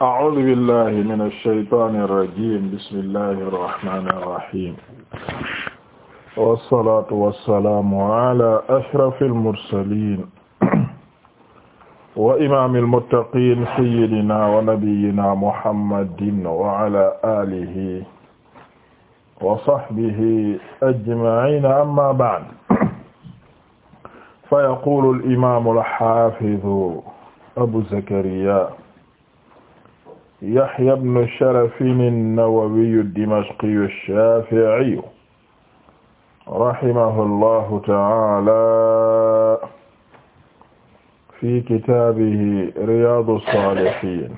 a'uuzu billahi mina shaytaani rajiim bismillahi rahmaani rahiim. wasalaatu wasalaamu ala ashrafil mursaliin wa imaamil muttaqiin sayyidinaa wa nabiyyinaa muhammadin wa ala aalihi wa sahbihi ajma'iin amma ba'd. fa yaquulu al imaamul haafizu abu zakariyaa Yahya ibn Sharafin an-Nawawi ad-Dimashqi ash-Shafi'i rahimahullahu ta'ala fi kitaabihi Riyaadu s-Saalihiin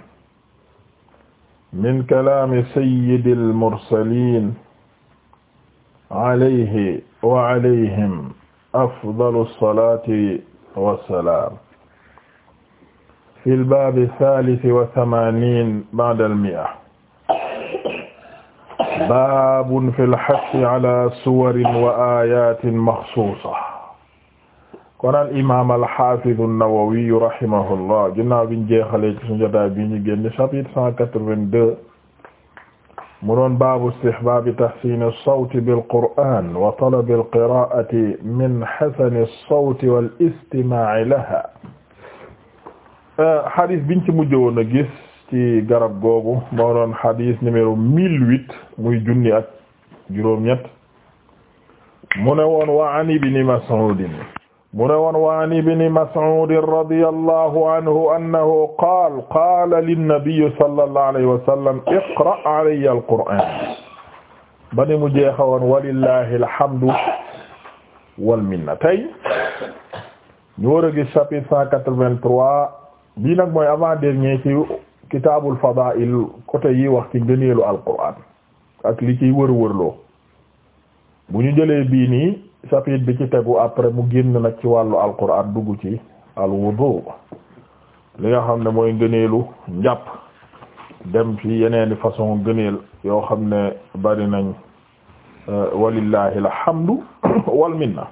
min kalaami sayyidil mursaliin alayhi wa alayhim afdalu s-salaati wa s-salaam fi lbaabi saalisi wa samaaniin ba'dal mi'a baabun fi lhassi ala suwarin wa aayaatin maxsuusa kon al imaam al haafiz an-Nawawi rahimahullah ginnaaw biñ jeexalee ci sunu jotaay bi ñu génn chapitre cent quatre-vingt-deux mu doon baabu istihbaabi tahsiini as-sawti bil-qur'aan wa talabi al-qiraa'ati min hasani as-sawti wal istimaa'i lahaa Euh, xadis biñ ci mujj woon a gis ci garab googu moo doon xadis numéro mille huit muy junni ak juróom-ñett mu ne woon wa an ibni mas'udin mu ne woon wa an ibni mas'udin radiyallahu anhu annahu qaal qaala linnabiyi sallallahu alayhi wa sallam iqra alayya alqur'an ba ni mu jeexa woon walillahi alhamdu wal minna tey ñu war a gis chapitre cent quatre-vingt-trois bii nag mooy avant dernier ci kitaabul fadaa'il côté yi wax ci ngëneelu alquran ak li ciy wër-wërloo bu ñu jëlee bii nii chapitre bi ci tegu après mu génn nag ci wàllu alquran dugg ci al wudu li nga xam ne mooy ngëneelu njàpp dem fi yeneeni façon ngëneel yoo xam ne bari nañ euh, walillahi la wal minna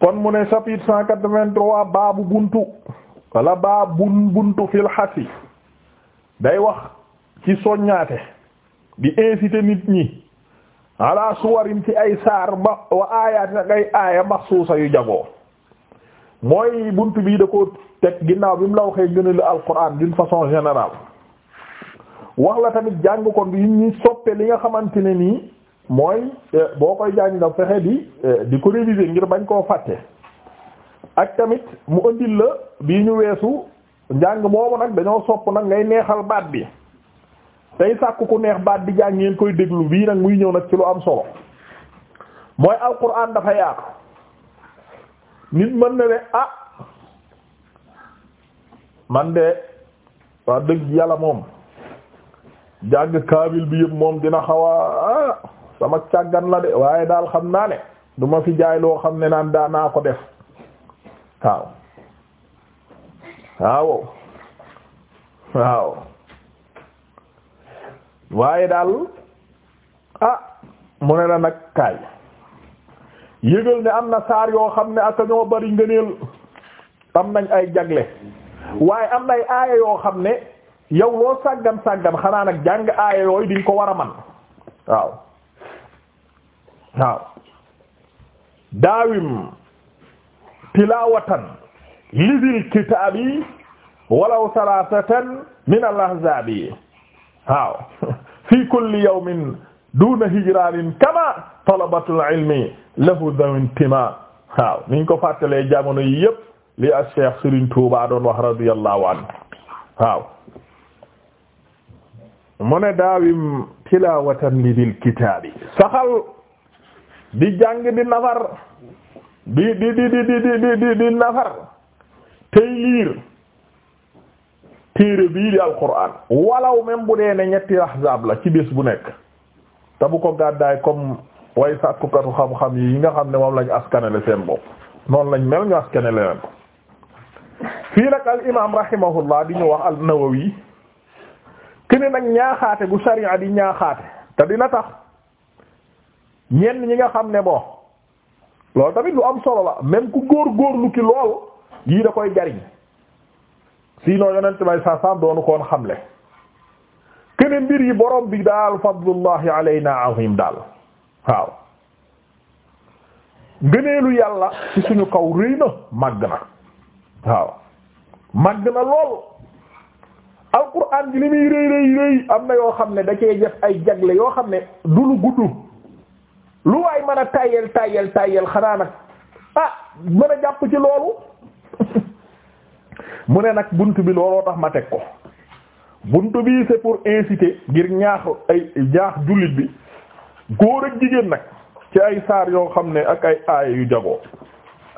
kon mu ne chapitre cent quatre buntu wala baa bun buntu fil xasi day wax ci soññaate di inciter nit ñi ala suwarin ci ay saar ba wa aayaat nag ay aaya maxsuusa yu jagoo mooy buntu bii da ko teg ginnaaw bi mu la waxee gën a la alquran d'une façon générale wax la tamit jàng kon bi ñu soppe li nga xamante ne nii mooy eh, boo koy jàng da fexe di eh, di ko réviser ngir bañ koo fàtte ak tamit mu ëndil la bii ñu weesu njàng moomu nag dañoo sopp nag ngay neexal baat bi tey sàkk ku neex baat bi jàng ngeen koy déglu bii nag muy ñëw nag ci lu am solo mooy alquran dafa yaatu nit mën na ne ah man de wax dëgg yàlla moom jàng kaamil bi yëpp moom dina xaw a ah, sama càggan la de waaye daal xam naa ne duma fi jaay loo xam ne naan daa naa ko def waaw waaw waaw waaye daal ah mu ne la nag kaay yëgal ne am na saar yoo xam ne aka ñoo bari ngëneel am nañ ay jagle waaye am na ay aaya yoo xam ne yow loo sàggam sàggan xanaa nag jàng aaya yooyu diñ ko war a man waaw waaw daawim tilawatan lidil kitaabi walaw salatatan min al ahzabi waaw fi kulli yawmin duna hijranin kama talabatul ilmi lahu dawintima waaw niñ ko fàttalee jamono yi yëpp li a Cheikh Serigne Touba doon wax radiyallahu anhu waaw mu ne daawim tilawatan lidil kitaabi saxal di jàng di nafar di di di di di di di nafar tey liir téere bii di alquran walaw même bu dee ne ñetti ahzaab la ci bés bu nekk te bu ko gàddaay comme way sàkkukatu xam-xam yi nga xam ne moom lañ askanale seen bopp noonu lañ mel ñu askanale leen ko fii nag al imaam rahimahullah di ñu wax al nawawi kene nag ñaaxaate bu sharia di ñaaxaate te dina tax ñenn ñi nga xam ne boo loolu tamit lu am solo la même ku góor góor góorlu ki lool yii da koy jariñ sinon yonent bay sa sam doonu koon xamle kene mbir yi borom bi daal fadlullahi alayna azim daal waaw ngëneelu yàlla ci suñu kaw rëy na màgg na waaw màgg na lool alquran ji li muy rëy rëy rëy am na yoo xam ne da cee def ay jagle yoo xam ne du lu gudd lu waay mën a tayel tayel tayel xanaa nag ah mën a jàpp ci loolu mu ne nag bunt bi looloo tax ma teg ko bunt bi c'est pour inciter ngir ñaax ay ñaax jullit bi góor ak jigéen nag ci ay saar yoo xam ne ak ay aaya yu jagoo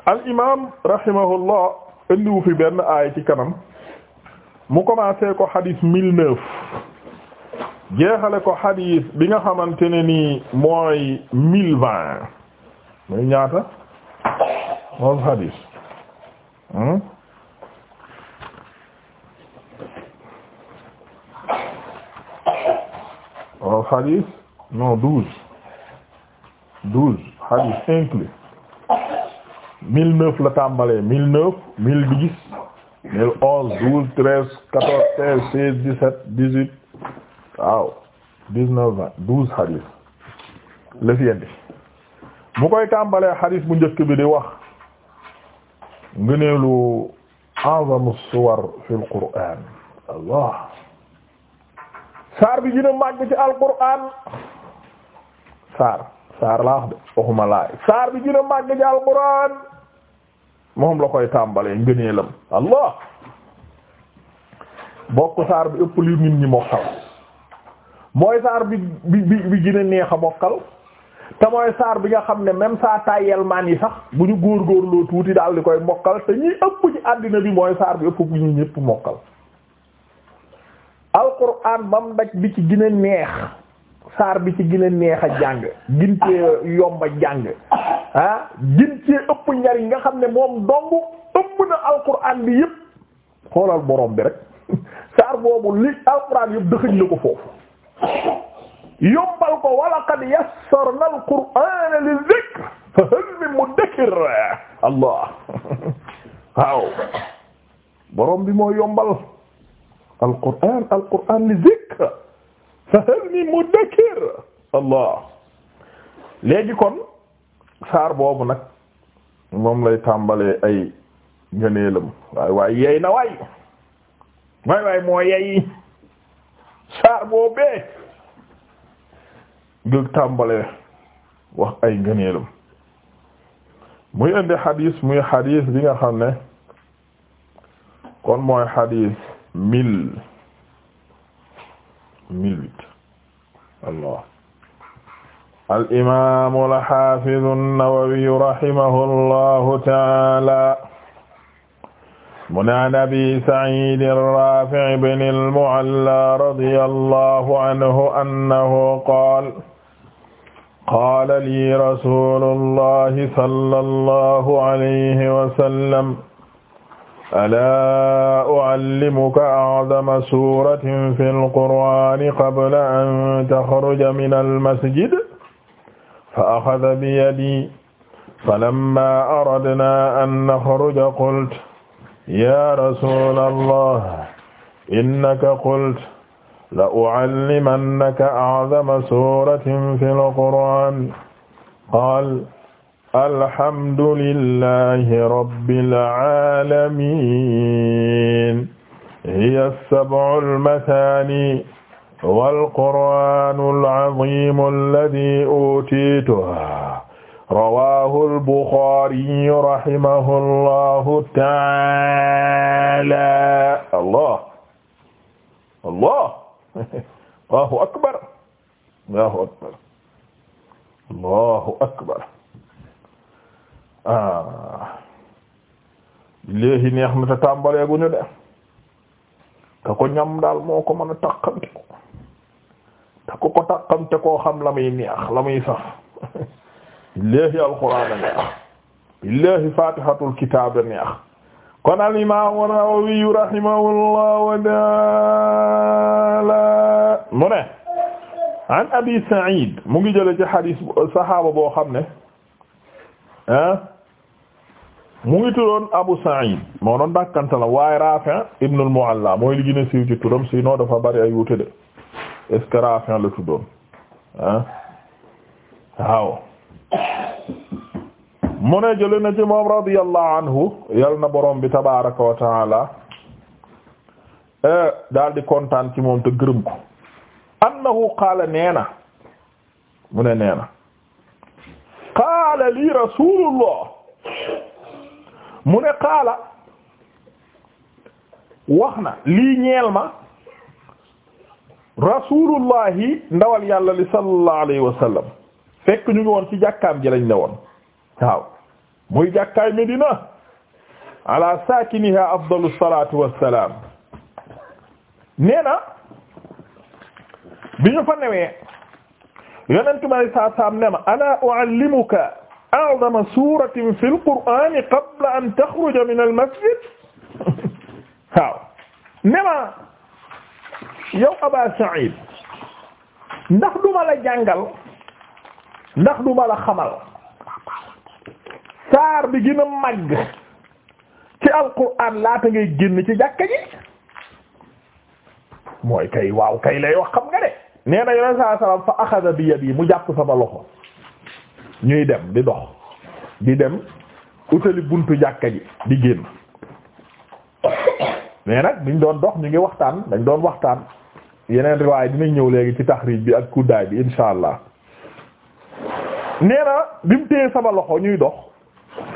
al imam rahimahullah indiwu fi benn aaya ci kanam mu commencé ko hadith mille neuf jeexale ko xadiis bi nga xamante ne nii mooy mi vingt muy ñaata moom xadiis moom hmm? xadiis non douze douze xadiis inclus mille neuf la tàmbalee mille neuf mille dix mille onze douze treize quatorze seize dix-sept dix waaw dix vingt douze hadith la fi indi mu koy tàmbalee hadith bu njëkk bi di wax ngëneelu a'zamu suwar fil qur'an allah saar bi gën màgg ci alqur'an saar saar laa wax de waxuma laay saar bi gën màgg ci alqur'an moom la koy tàmbalee ngëneelam allah bokk saar bi ëpp li nit ñi mokkal mooy saar bi bi bi gën a neex a mokkal te mooy saar bi nga xam ne même saa tayel maan yi sax bu ñu góorgóorloo tuuti daal di koy mokkal te ñuy ëpp ci àddina bi mooy saar bi ëpp bu ñu ñëpp mokkal alquran bam bi ci gën a neex saar bi ci gën a neex a jàng gin cee yomba jàng ah gin cee ëpp njariñ nga xam ne moom dong ëpp na alquran bi yëpp xoolal borom bi rek saar boobu li alquran yëpp dëxëñ la ko foofu yombal ko wala qad yassarna al-qur'ana li-dhikr fa hal min mudakkir allah waaw borom bi moo yombal al-qur'an al-qur'an li-dhikr fa hal min mudakkir allah léegi kon saar boobu nag moom lay tàmbalee ay ngëneelam waay waay yey na waay waay waay moo yey saar boobee ngir tàmbalee wax ay ngëneelam muy indi xadiis muy xadiis bi nga xam ne kon mooy xadiis mille mille huit allah al imaamu al xaafizu an-Nawawi rahimahu allahu taala mu ne an abi Sa'iid Raafi' ibn al-Mu'allaa radiyallaahu anhu annahu qaala qaala lii rasuulullaahi sallallaahu alayhi wa sallam alaa u'allimuka a'zama suuratin fil qur'aani qabla an taxruja minal masjid fa axaza biyadii falammaa aradnaa an naxruja qultu ya rasula allah innaka qult la uallimannaka a'zama suratin fi lqur'an qaal alhamdulillahi rabbil alamin hiya as-sab'u al-mathani wal qur'anul azim alladhi utituhu rawaahu al-Buxaari rahimahullahu ta'aala allah allah allahu akbar allahu akbar allahu akbar ah léegi neex na te tàmbaleeguñu de te ko ñam daal moo ko mën a tàqamte ko te ko ko tàqamte koo xam la muy neex la muy sax billaahi alquraan a neex billaahi fatihatul kitaab a neex kon al imaam an-Nawawi rahimahullahu ta'ala mu ne an abi Sa'id mu ngi jële ci xadiis saxaaba boo xam ne ah mu ngi tuddoon Abu Sa'id moo doon dàkkante la waaye Rafi' ibn al-Mu'alla mooy li gën siiw ci turam sinon dafa bari ay wuute de est-ce que la tuddoon ah waaw mu ne jële na ci moom anhu yal na borom bi tabaraka wa taala e, daal di kontaan ci moom te gërëm ko annahu qaala neena mu ne neena qaala li rasulullah mu ne qaala wax na lii ñeel ma rasulullahi ndawal yàlla li sallallahu alayhi wa sallam fekk ñu ngi woon ci jàkkaam ji lañ ne woon waaw muy jàkkaay Medina ala sakiniha afdalu salatu wassalam nee na bi ñu fa newee yonentu may saa saam ne ma ala uallimuka a'zama suratin fil qur'ani qabla an takhruja min al masjid waaw ne ma yow Aba Sa'id ndax duma la jàngal ndax duma la xamal saar bi gën a màgg ci alquran laata ngay génn ci jàkka ji mooy kay waaw kay lay wax xam nga de nee na yoneen saa salaam fa axada bi yadi mu jàpp sama loxo ñuy dem di dox di dem utali buntu jàkka ji di génn mais nag diñ doon dox ñu ngi waxtaan dañ doon waxtaan yeneen riwaay dinañ ñëw léegi ci taxriij bi ak kuddaay bi insha allah nee na mu téye sama loxo ñuy dox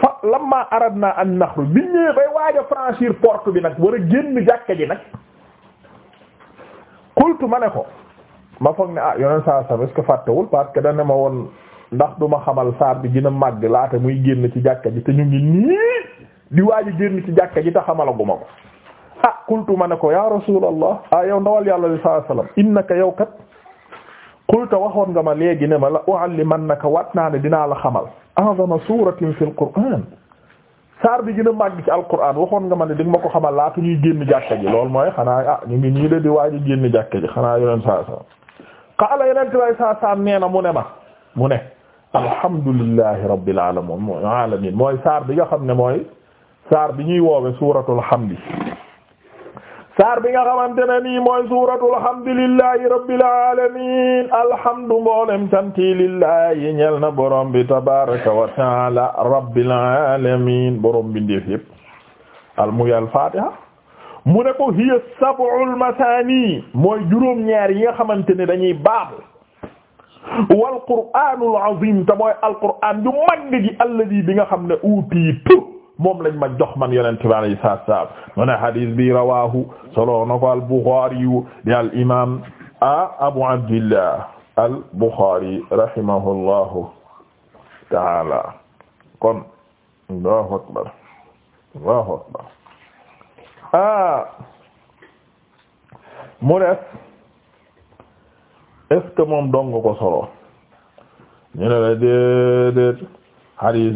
fa lamma aradna an naxru bi ñëwee bay waaj franchir porte bi nag war a génn jàkka ji nag qultu ma ne ko ma foog ne ah yoneen saa sam est-ce que fàttewul parce que dana ma woon ndax duma xamal saar bi dina màgg laata muy génn ci jàkka ji te ñu ngi nii di waaj a génn ci jàkka ji te xamalaguma ko ah qultu ma ne ko ya rasulallah ah yow ndawal yàlla sa alayhi wasallam innaka yow kat ta waxoon nga ma léegi ne ma la u'allimannaka wat naa ne dinaa la xamal a'zama suratin fil qur'an saar bi gën a màgg ci alquran waxoon nga ma ne di ma ko xamal laatu ñuy génn jàkka ji loolu mooy xanaa ah ñu ngi ñii de di waaji génn jàkka ji xanaa yoneen saa saa qaala yeneen way saa saa nee na mu ne ma mu ne alhamdulillahi rabbil alamin mooy saar bi nga xam ne mooy saar bi ñuy woowe suratul hamd saar bi nga xamante ne nii mooy suuratul alhamdulillahi rabbil alamin alhamdu mboolem canti lillahi ñeel na borom bi tabaraka wa taala rabbil alamin borom bi ndeef yépp al muy mu ne ko hiya sab'ul masani mooy juróom-ñaar yi nga xamante ne dañuy baabu wal qur'anul azim te mooy alqur'an ju mag gi alladi bi nga xam ne utii moom lañ ma jox man yonent bi alayhi salaatu wa salaam mu ne hadis bi rawaahu solo na al Buxaari yu al imaam a Abu Abdillah al Buxaari rahimahullahu taala kon Allahu akbar Allahu akbar ah mu def est-ce moom dong ko solo ñu ne la déedéet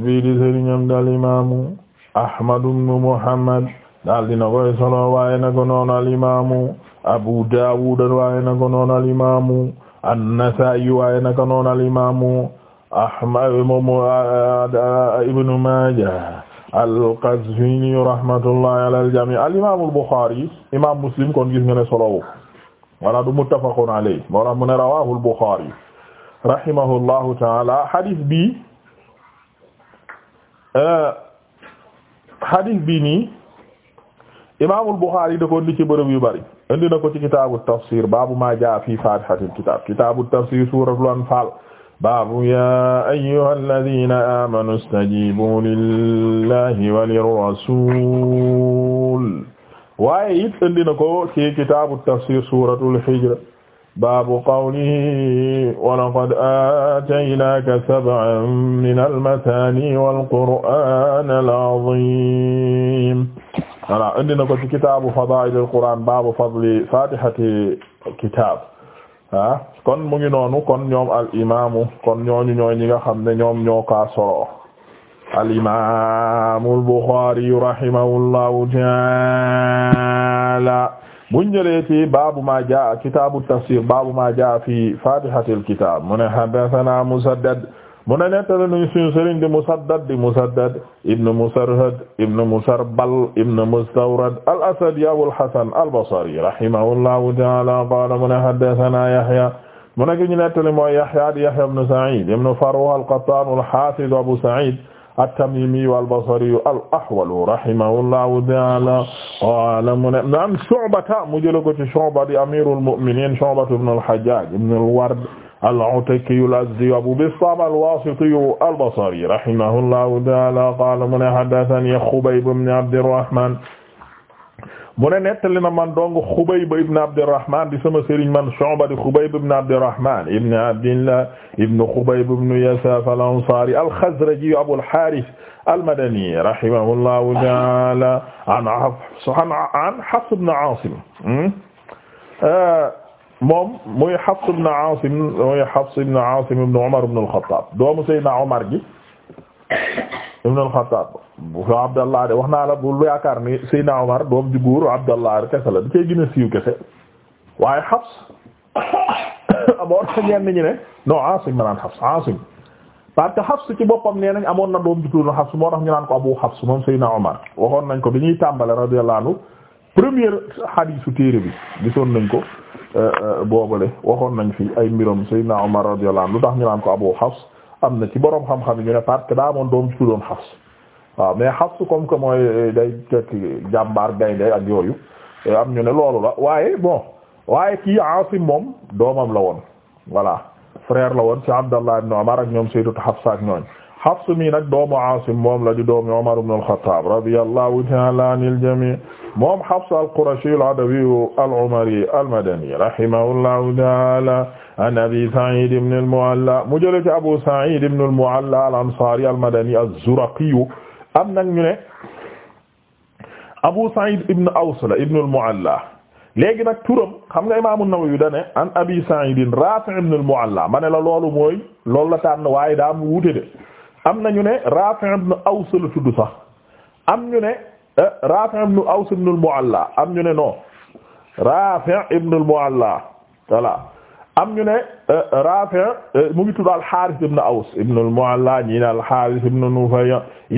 bi di sëriñam dal imaamu ahmad ibnu muhammad daal dina koy solo waaye na ko noonu alimamu abu dawud waaye na ko noonu alimamu an-nasa'i waaye na ko noonu alimamu ahmad ibnu maaja al-qazwini rahmatullahi ala al-jami' al-imam al-bukhari imam muslim kon gis nga ne solowu wala du muttafaqun alayhi moo tax mu ne rawahu al-bukhari rahimahullahu ta'ala hadith bi xadiis bi nii imaamul Buxaari da ko indi ci bërëb yu bari indi na ko ci kitaabu tafsir baabu maa jaa fi faatihatil kitaab kitaabu tafsir suuratul anfaal baabu yaa ayyuhal laziina aamanuu istajiibuu lillaahi wa lirrasuul waaye it indi na ko ci kitaabu tafsir suuratul hijr baabu qawlihi wa laqad aataynaaka sab'an minal masaani wal qur'aanil aziim voilà indi na ko ci kitaabu fadaa'ilil qur'aan baabu fadli faatihati kitaab ah kon mu ngi noonu kon ñoom al imaamu kon ñooñu ñooy ñi nga xam ne ñoom ñoo kaa solo al imaamul buxaari rahimahullahu ta'aala buñ jëlee ci baabu ma jaa kitaabu tafsir baabu ma jaa fi fatihatil kitaab mu ne haddathana musaddad mu ne nettali nañu suñu sëriñ di musaddad di musaddad ibn musarhad ibn musarbal ibn mustawrad al asadi abul hasan al basri rahimahullahu ta'ala qaala mu ne haddathana yahya mu ne ki ñu nettali mooy yahya di yahya ibn sa'id ibn farwa al qattan al hafiz abu sa'id at-Tamimi wal-Basri al-Ahwal rahimahullahu ta'ala qaala mu ne an Shu'bata mu jël ko ci Shu'ba di amirul mu'minin Shu'ba ibn al-Hajjaj ibn al-Ward al-Ataki al-Azdi Abu Bistam al-Wasiti al-Basri rahimahullahu ta'ala qaala mu ne haddathani Khubayb ibn Abd al-Rahman mu ne nettali na man dong Xubayb ibn Abdirrahman di sama sëriñ man Shu'ba di Xubayb ibn Abdirrahman ibn Abdillah ibn Xubayb ibn Yasaf al-Ansari al-Khazraji Abu al-Harith al-Madani rahimahullahu ta'ala an Hafs an Hafs ibn Asim hmm? moom muy Hafs ibn Asim muy Hafs ibn Asim ibn Umar ibn al-Khattab doomu Sayyidina Umar gi ibn al-Khattab wax naa la bu yaakaar ni Seydina Omar doom ju góor Abdallah kese la a siiw kese waaye Hafs amoon na ñenn ne non Asim ma naan Asim parce que ci boppam nee nañ amoon na doom ju tudd na Hafs moo tax ñu moom Seydina Omar waxoon nañ ko bi ñuy tàmbale radiyallahu anhu première hadiisu téere bi gisoon nañ ko euh, euh, boobale waxoon nañ fi ay mbiram Seydina Omar radiyallahu anhu lu tax ñu naan ko Abu Hafs am na ci boroom xam-xam yi ñu ne parce que daa amoon doom su doon Hafs waaw mais Hafs comme que mooy euh, day tekki jàmbaar gaynde ak yooyu euh, am ñu ne loolu la waaye bon waaye kii Aasim moom doomam la woon voilà frère la woon ci Abdallah ibn Umar ak ñoom Sayyidatu Hafsa ak ñooñ Hafs mi nag doomu Aasim moom la di o Umar ibn al-Khattab radiyallahu ta'ala anil jami' moom Hafs al-Qurashi al-Adawi al-Umari al-Madani an abi Sa'id ibn al-Mu'alla mu jëlee ci Abu Sa'id ibn al-Mu'alla al-Ansari al-Madani az-Zuraqi am nag ñu ne Abu Sa'id ibn Aws la ibn al-Mu'alla léegi nag xam nga Imam an yu da ne an abi Sa'id Rafi' ibn al-Mu'alla la loolu mooy loolu la tànn waaye daa mu wuute de am na ñu ne Rafi' ibn Aws la tudd am ñu ne eh, Rafi' ibn Aws ibn al am ñu ne non Rafi' ibn al am ñu ne euh, euh, Rafi euh, mu ngi tudd al-Harith ibn Aws ibn al-Mu'alla ñi ne al-Harith ibn Nufay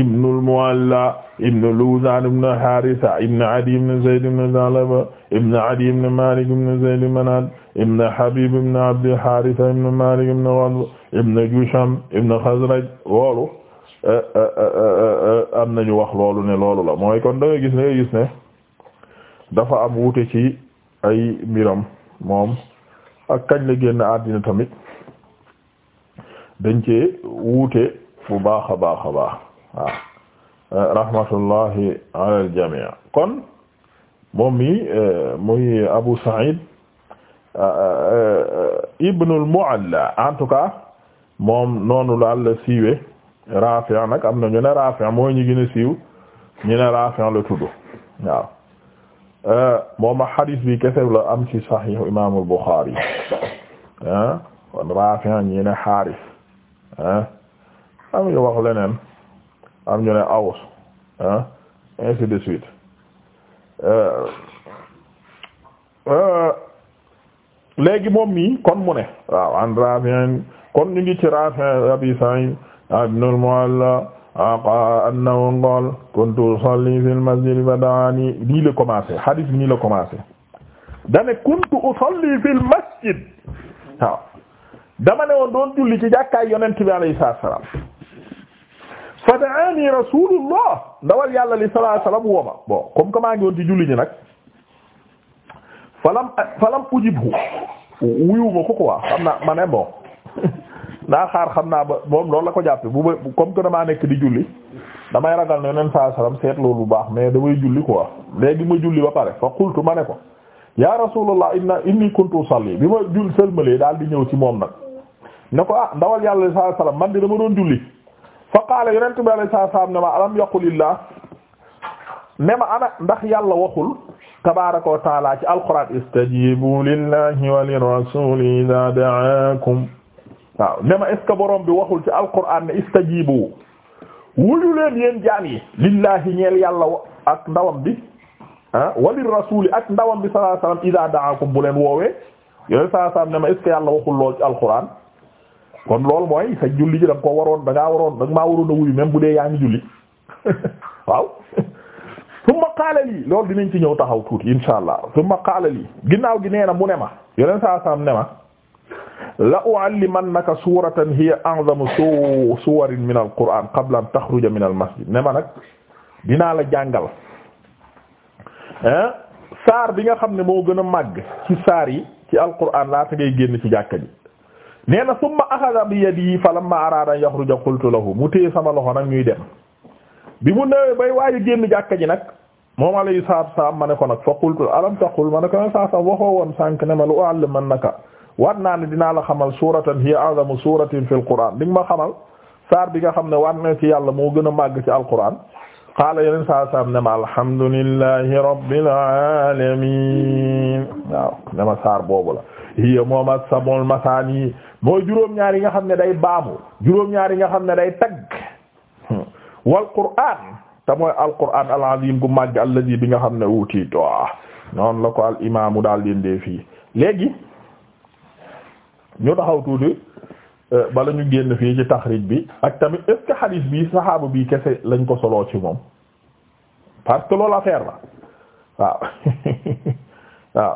ibn al-Mu'alla ibn Luzan ibn Haritha ibn Adi ibn Zayd ibn Thalaba ibn Adi ibn Malik ibn Zayd ibn Manad ibn Habib ibn Abd Haritha ibn Malik ibn Ghadb ibn Jusham ibn Khazraj loolu am nañu wax loolu ne loolu la mooy kon da ngay gis ne gis ne dafa am wuute ci ay mbiram moom ak kañ la génn àddina tamit dañ cee wuute bu baax a baax a baax waaw rahmatullahi jamii kon moom mi muy Abu Sa'id Ibn al-Mu'alla moom noonu laal la siiwe Rafi' nag am na ñu ne Rafi' mooy ñu gën siiw ñu ne Rafi' la tudd waaw moom a xadis bi kese la am ci saxiix imaamul Buxaari ah kon Raafi' ñi ne Xaaris ah am ñu wax leneen am ñu ne Aws ah ainsi de suite euh, euh, léegi moom mi kon mu ne waaw an Raafi' kon ñu ngi ci Raafi' Abi Sa'iid ibnul Mu'alla aqa annahu qaal kuntu usalli fil masjid fa da'ani nii la commencé hadith bi dane kuntu usalli fil masjid waaw dama ne doon julli ci jàkkaay yonent bi alayhi salaam fa da'ani rasulullah ndawal yàlla li sallallahu alayhi wasallam wooma bon comme que maa julli ñi nag falam falam ujibhu wuyuma ko quoi xam naa ma naa xaar xam naa ba moom loolu la ko jàppe bu comme que a nekk di julli damay ragal ne yoneen saa salaam seet loolu bu baax mais damay julli quoi léegi ma julli ba pare fa qultu ma ne ko ya rasulullah inna inni kuntu usalli bi ma jul sëlmalee daal di ñëw ci moom nag ne ko ah ndawal yàlla saa salaam man de dama doon julli fa qaala yonent bi alayhi salaam ne ma alam yaqulillah ne ma ana ndax yàlla waxul tabaaraka wa taala ci alquran istajibu lillahi wa lirrasuli waaw ne ma est borom bi waxul ci alquran ne istajibu wuyu leen yéen jaam yi lillahi ñeel yàlla ak ndawam bi ah walir rasuli ak ndawam bi sallallahu alayhi wasallam daakum bu leen woowee yooyu sa alayhi wasallam ne ma est yàlla waxul lool ci alquran kon loolu mooy sa julli ji da ko waroon da ngaa waroon da nga maa waroon a wuyu même bu dee yaa ngi julli waaw summa qaala lii loolu dinañ ci ñëw taxaw tuuti insha allah summa qaala lii ginnaaw gi nee na mu ne ma yoneen saa saam ma la u'allimannaka suuratan hiya a'zamu suwarin min al-Qur'an qabla an taxruja min al ma nag dinaa la jàngal ah bi nga xam ne moo gën a màgg ci yi ci quran laata ngay génn ci jàkka ji nee na summa axada bi loxo nag ñuy dem mu newee bay waayu génn jàkka ji nag moom alayhi salaatu ma ne ko nag fa qultu alam taqul ma ne ko nag saa saa waxoo woon ma lu u'allimannaka waat naa ne dinaa la xamal suuratan hiya a'zamu suuratin fil qur'aan di nga ma xamal saar bi nga xam ne waat na ci yàlla moo gën a màgg ci alqur'aan qaala yeneen saa saam ne ma alhamdulillahi rabbil aalamiin waaw ne ma saar boobu la hiya moom as-sab'ul masaani juróom-ñaar yi nga xam ne day baamu juróom-ñaar yi nga xam ne day tagg wal qur'aan te mooy alqur'aan al-aziim gu màgg alladi bi nga xam ne wuti to noonu la ko al imaamu daal di indee fii léegi ñu taxaw tuuti euh, bala ñu génn fii ci taxrij bi ak tamit est ce que bi saxaaba bi kese lañ ko soloo ci moom parce que loolu affaire la waaw waaw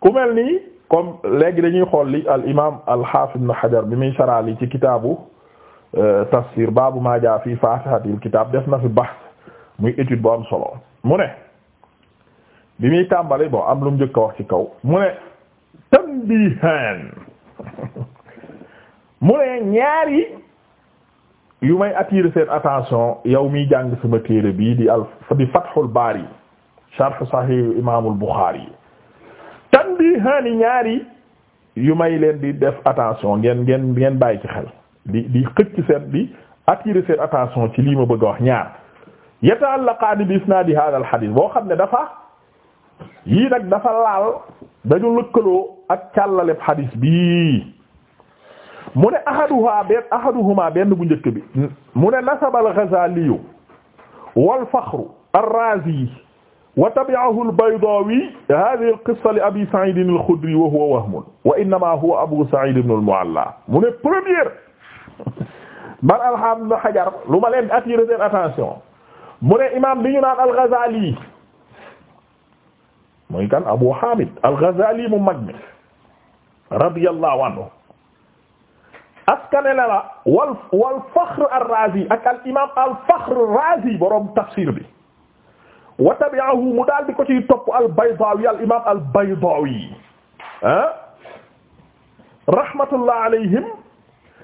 ku mel nii comme léegi dañuy xool li al imaam al xaafid ibn bi muy saraali ci kitaabu euh, tafsir baabu maa jaa fi kitaab def na fi baax muy étude bu am solo mu ne bi muy tàmbali bon am lu mu njëkk wax ci kaw mu ne. tanbihan mu ne ñaari yu may attirer seen attention yow miy jàng sama téere bii di al di Fathul Bari sharh Sahih Imaamul Bukhari tanbihan ñaari yu may leen di def attention ngeen ngeen ngeen bàyyi ci xel di di xëcc seen di attirer seen attention ci lii ma bëgg a wax ñaar yata'allaqaani bi isnaadi haadha al boo xam ne dafa yii nag dafa laal dañu lëkkaloo. ak càllale xadiis bi mu ne ahaduha benn ahaduhuma benn bu njëkk bi mu ne nasaba al-Ghazali wal Fakhru ar-Razi wa tabi'ahu al-Baydawi hadhihi al-qissa li Abi Sa'id al-Khudri wa huwa wahmun wa innama huwa Abu Sa'id ibn al-Mu'alla mu ne première man alhamdulillah Hajar lu ma leen attirer seen attention mu ne imaam bi ñu naan al-Ghazali mooy kan Abu Hamid al-Ghazali mu mag mi radiyallahu anhu askane la la wal wal faxr ar-razi ak al imam al faxr ar-razi borom tafsir bi wa tabi'ahu mu daal di ko ciy topp al baydawi al imam al baydawi ah rahmatullah alayhim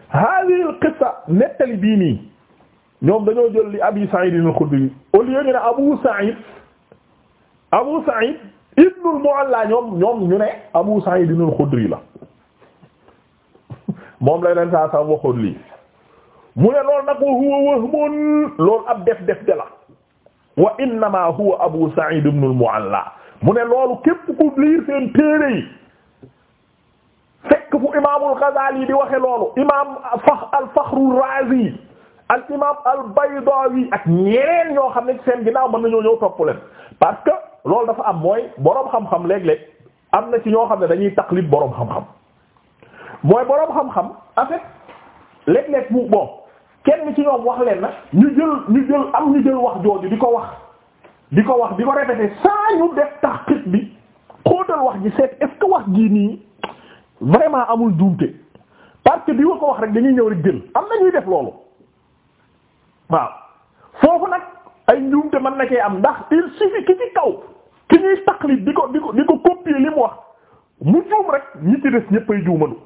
hadhihi al qissa nettali bii nii ñoom dañoo jël li abi sa'id al-khudri au lieu ñu ne abu sa'id abu sa'id ibn al-mu'alla ñoom ñoom ñu ne abu sa'id al-khudri la moom la leen saa saa waxoon lii mu ne loolu nag wa huwa wahmun loolu ab def def de la wa innama huwa abu sa'id ibn al mu ne loolu képp ku liir seen téere yi fekk fu imaamul Ghazali di waxe loolu imaam al-Fakhrur Razi al imaam al-Baydawi ak ñeneen ñoo xam ne seen ginnaaw mën nañoo ñëw topp leen parce que loolu dafa am mooy boroom xam-xam léeg-léeg am na ci ñoo xam ne dañuy taqlid boroom xam-xam mooy boroom xam-xam en fait léeg-léeg mu kenn ci ñoom wax leen na ñu jël ñu jël am ñu jël wax jooju di ko wax di ko wax di ko répéter saa ñu def taxqiq bi xóotal wax ji seet est-ce que wax jii nii vraiment amul juumte parce que bi ma ko wax rek dañuy ñëw rek jël am na ñuy def loolu waaw foofu nag ay njuumte mën na cee am ndax il suffit ki ci kaw ki ñuy taqlid di ko di ko di ko copier li mu wax mu juum rek ñi ci des ñëppay juumandu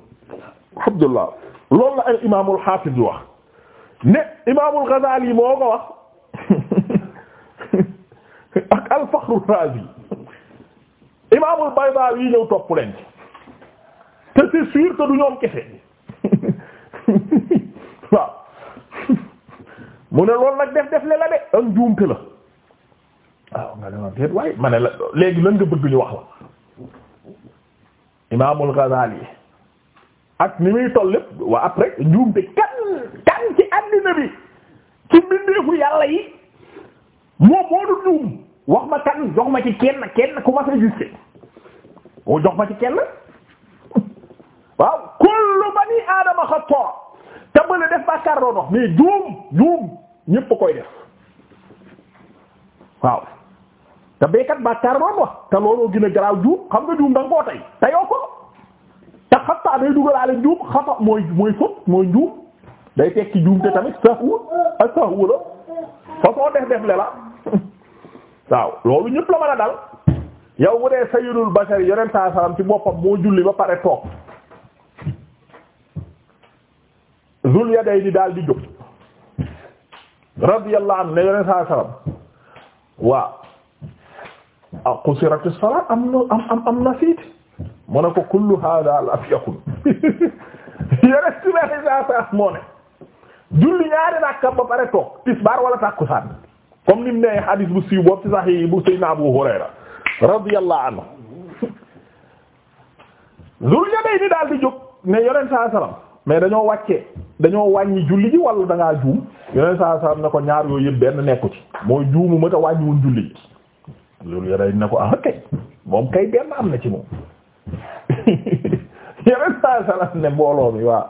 Abdullah la ay imaamul xaafis bi wax ne imaamul Ghazali moo ko wax ak al-Fakhru Razi imaamul Baydawi yi ñëw topp leen te c'est sûr que du ñoom kese waaw mu ne loolu nag def def le la de ak la waaw nga demoon déet waaye ma ne la wax la imaamul Ghazali. ak ni muy toll lépp waa après njuumte kan kan ci àddina bi ci mbindeefu yàlla yi moo boodu juum wax ma kan jox ma ci kenn kenn ku ma sa juste oo jox ma ci kenn waaw kullu bani aadama xataa tàmbale def bàkkaar doon wax mais juum juum ñépp koy def waaw te baykat bàkkaar doon wax te looloo gën a garaaw juum xam nga juum da koo tey teyoo ko xataa day dugalaale njuum xata mooy mooy fóot mooy njuum day tekki njuum te tamit sahwu ak sahwu la façon def def le la waaw loolu ñëpp la mën a dal yow bu dee sayyidul bashar yonent saa salaam ci boppam moo julli ba pare toog zul yaday ni daal di jóg radiyallahu anhu ne yonent saa salaam waaw a ah, qusiratu salat am na am am am mu ne ko kullu hada lam yakun yonent bi alayhi salaam moo ne julli ñaari rakka ba pare toog tisbaar wala tàkkusaan comme ni mu nee hadis bu siiw boobu ci Sahih bu Seydina Abu Hurayra radiyallahu anhu Zul Yadayni daal di jóg ne yonent saa salaam mais dañoo wàccee dañoo wàññi julli ji wala da ngaa juum yonent saa salaam ne ko ñaar yooyu yëpp benn nekku ci mooy juumu ma te wàññiwul julli ji Zul Yadayni ne ko ah moom kay benn am na ci moom. yeneen saa ne mbooloo mi waa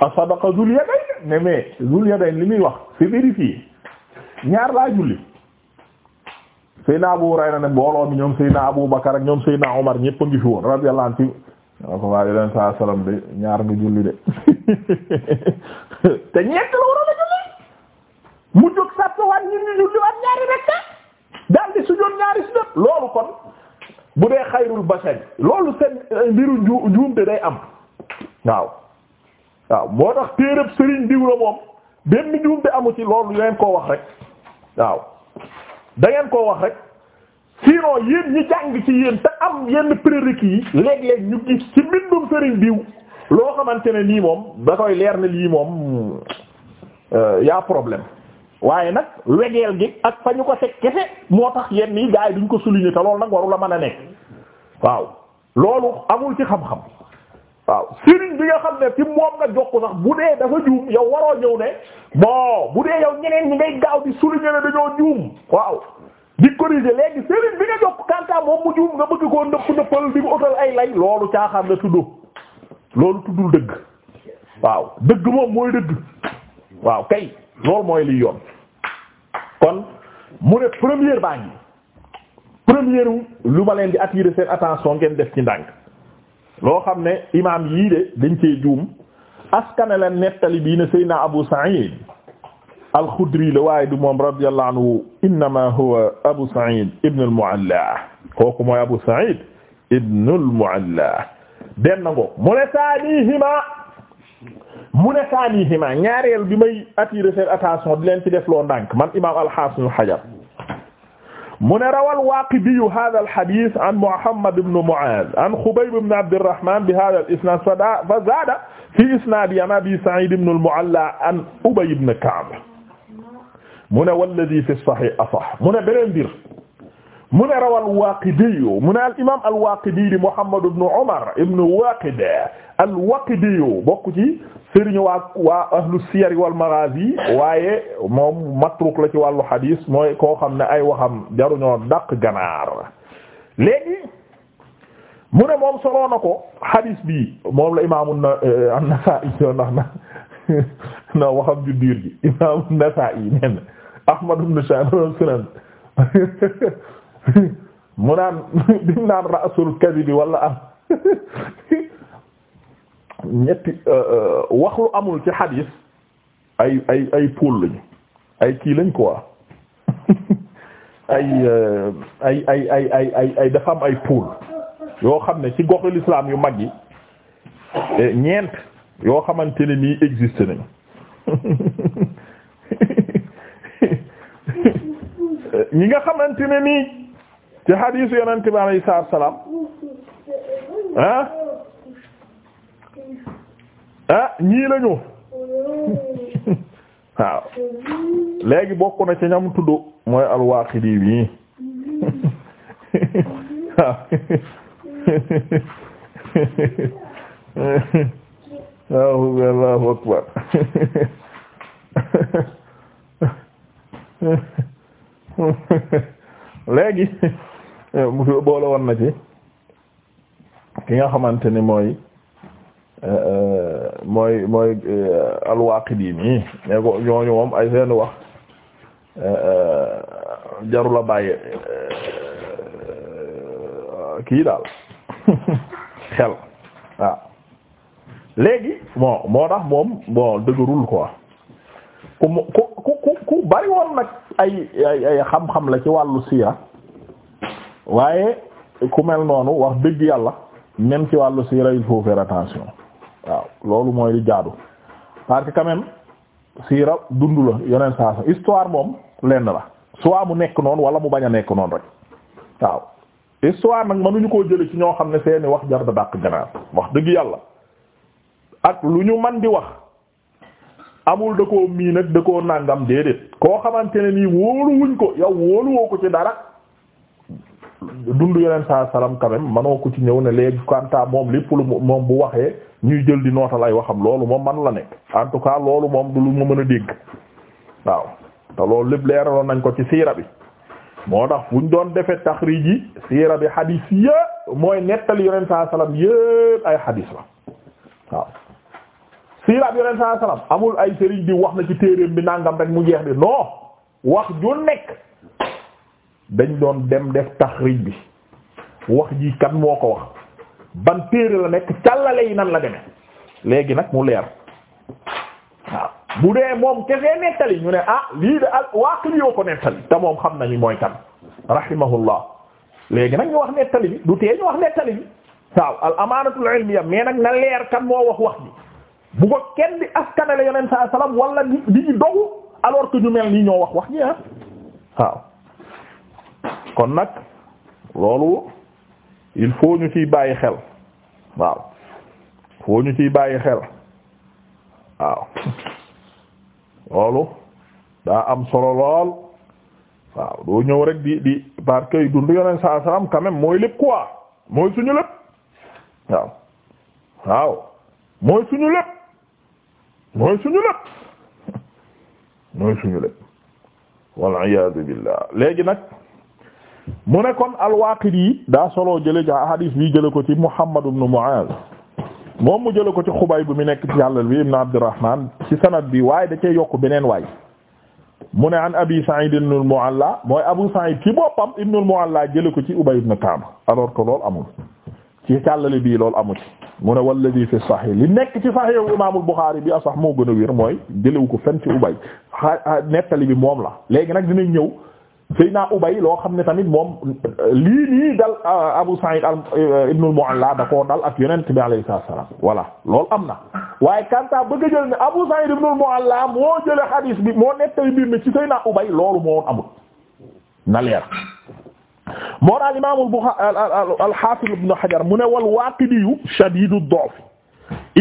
asadaqa zul yadayn ne mais zul yadayn li muy wax c'est vérifié ñaar laa julli Seyna Abu Hurayra ne mbooloo mi ñoom Seyna Abu Bakar ak ñoom Seyna Omar ñëpp a ngi fi woon radiyallahu ko waa yeneen saa salaam de ñaar nga julli de te ñett la a julli mu jóg sàpp waat ñun ñu julli waat ñaari rekk daal di sujjóot ñaari sujjóot loolu kon bu dee xayrul bashar loolu seen eh, mbiru nju njuumte day am waaw waaw moo tax téereeb sëriñ diw la moom benn njuumte amu ci loolu dangeen koo wax rek waaw dangeen koo wax rek sinon yéen ñi jàng ci yéen te am yenn prérequis yi léeg-léeg ñu gis ci mbindum sëriñ diw loo xamante ne nii moom da koy leer na lii moom euh, yaa problème waaye nag wegeel gi ak fa ñu ko teg kese moo tax yenn yi gars duñ ko souligner te loolu nag waru la mën a nekk waaw loolu amul ci xam-xam waaw sëriñ bi nga xam ne ci moom nga jox ko sax bu dee dafa juum yow waroo ñëw ne bon bu dee yow ñeneen ñi ngay gaaw di souligner ne dañoo juum waaw di corriger léegi sëriñ bi nga jox kanta moom mu juum nga bëgg koo ndëpp ndëppal di ko utal ay lay loolu caaxaan na tudd loolu tuddul dëgg waaw dëgg moom mooy dëgg loolu mooy li yoon kon mu ne première baa ngi première lu ma leen di attirer seen attention ngeen def ci ndànk loo xam ne imaam yii de dañ cee juum askane la nettali bii ne Seydina Abu Sa'id al-Khudri la waaye du moom radiyallahu anhu innama huwa Abu Sa'id ibn al-Mu'alla kooku mooy Abu Sa'id mu ne saanihima mu ne saaniihima ñaareel bi may attirer seen attention di leen ci def loo ndànk man imaam al-Hafiz ibn Hajar mu ne rawal Waaqidiyyu haadha al-hadiis an Muhammad ibn Mu'aaz an Xubayb ibn Abdirrahmaan bi haadha al-isnaad fa zaada fii isnaadihi an Abii Sa'iid ibn al-Mu'allaa an Ubayy ibn Ka'b mu ne wallazii fi as-sahiih asah mu ne beneen mbir mu ne rawal waaqidiyu mu ne al imaam al waaqidi di Muhammad ibn Umar ibn Waaqid al waaqidiyu ci sëriñu waa ahlu siyar wal maghaazi waaye moom matruk la ci wàllu xadiis mooy ko xam ne ay waxam jaruñoo daq ganaar léegi mu ne moom soloo ko xadiis bi moom la imaamu an na waxam ju diir ji imaamu an Ahmad ibn Sa'd sunan mu naan dim naan rasul kadhibi am ñetti euh, euh, wax lu amul ci xadiis ay ay ay pôl lañu ay kii lañ quoi euh, ay ay ay ay ay ay dafa am ay pôl yoo xam ne ci goxu l'islam yu mag yi eh, ñeent yoo xamante ne nii existe nañu eh, ñi nga xamante ne nii ci hadiisu yonent bi alayhi salaam ah ah ñii lañu waaw léegi bokk na ci ñam tudd mooy al-Waaqidi bi waaw waaw Allahu akbar mu boole woon na ci ki nga xamante ni mooy euh, mooy mooy euh, al-Waaqidi mi ne ko ñooñu moom ay seen wax euh, jarul bàyyi kii daal xel waaw léegi bon moo tax moom bon dëgërul quoi ku ku ku ku bari woon nag ay ay ay xam-xam la ci wàllu siira waaye ku mel noonu wax dëgg yàlla même ci wàllu siira il faut faire attention waaw loolu mooy li jaadu parce que quand même siira dund la yeneen saa sa histoire moom lenn la soit mu nekk noon wala mu bañ a nekk noonu rek waaw histoire nag ñu ko jële ci ñoo xam ne seeni wax jar da dàq ganaar wax dëgg yàlla ak lu ñu man di wax amul da koo mii nag da koo nàngam déedéet koo xamante ne nii wóolu ko yow wóolu ko ci dara dund yeneen sa salaam quand même manoo ko ci ñëw ne léegi kantaa moom lépp lu moom bu waxee ñuy jël di nootal ay waxam loolu moom man la nekk en tout cas loolu moom du lu ma mën a dégg waaw te loolu lépp leeraloon nañ ko ci siira bi moo tax buñ doon defee taxriij yi siira bi xadiis yëpp mooy nettali yeneen saa salaam yëpp ay xadiis la waaw siira bi yeneen saa salaam amul ay sëriñ di wax na ci téereem bi nangam rek mu jeex di non wax ju nekk. dañ doon dem def taxrij bi wax ji kan moo ko wax ban téere la nekk càllale yi nan la demee léegi nag mu leer waaw bu dee moom kesee nettali ñu ne ah lii de al waaqil yoo ko nettali te moom xam nañu mooy kan rahimahullah léegi nag ñu wax nettali bi du tee ñu wax nettali bi waaw al mais nag na leer kan moo wax wax ji bu ko kenn di askanale yonent saa salaam wala di di dogu alors ñu mel nii ñoo wax wax ji ah waaw kon nag loolu il faut ñu ciy bàyyi xel waaw faut ñu ciy bàyyi xel waaw loolu daa am solo lool waaw doo ñëw rek di di parce que dund yoneen saa salaam quand même mooy lépp quoi mooy suñu lépp waaw waaw mooy suñu lépp mooy suñu lépp mooy suñu lépp wal iyaadu billah léegi nag mu ne kon al-Waaqidi daa solo jële ja hadis bi jële ko ci Muhammad ibn Mu'aaz moom mu jële ko ci Xubayb bi mu nekk ci yàllal bi ibn Abdurrahman ci sanad bi waaye da cee yokk beneen waay mu ne an Abi Sa'id ibn al-Mu'alla mooy Abu Sa'id ci boppam ibn al-Mu'alla jële ko ci Ubay ibn Ka'b alors ko loolu amul ci càllale bii loolu amu ci mu ne walladi fi sahih li nekk ci sahih imaamul Buxaari bi asax moo gën a wér mooy jëlewu ko fenn ci Ubay nettali bi moom la léegi nag dinañ ñëw Seyna Ubay loo xam ne tamit moom lii nii dal euh, Abu Sa'id euh, ibn al-Mu'alla da koo dal ak Yonent bi alayhi salaam voilà loolu am na waaye kanta bëgg a jël ne Abu Sa'id ibn al-Mu'alla moo jële xadiis bi moo nettali mbir mi ci Seyna Ubay loolu moo amul na leer moo daal Imaam al-Bukhari al-Hafiz ibn Hajar mu ne wal Waaqidi shadiidu ad-da'f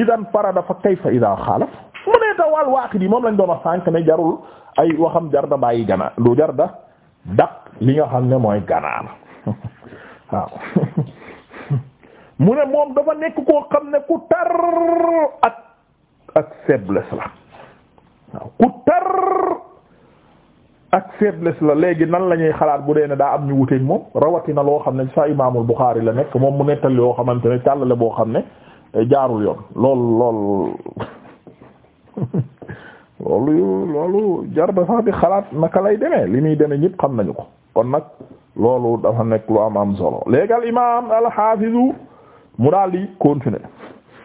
idan farada fa kayfa idaa xaalaf mu ne ta wal Waaqidi moom lañ doon wax sànq ne jarul ay waxam jar da bàyyi gana lu jar da daq li nga xam ne mooy ganaar waaw mu ne moom dafa nekk koo xam ne ku tar ak ak la waaw ku tar ak faiblesse la léegi nan la ñuy xalaat bu dee ne daa am ñu wuteeg moom rawatina loo xam ne sa imaamul Buxaari la nekk moom mu nettali yoo xamante ne la boo xam ne eh, jaarul yoon lool lool loolu loolu jar da sax xalaat naka lay demee li muy demee ñëpp xam nañu ko kon nag loolu dafa nekk lu am am solo léegi al imaam al xaafizu mu daal di continuer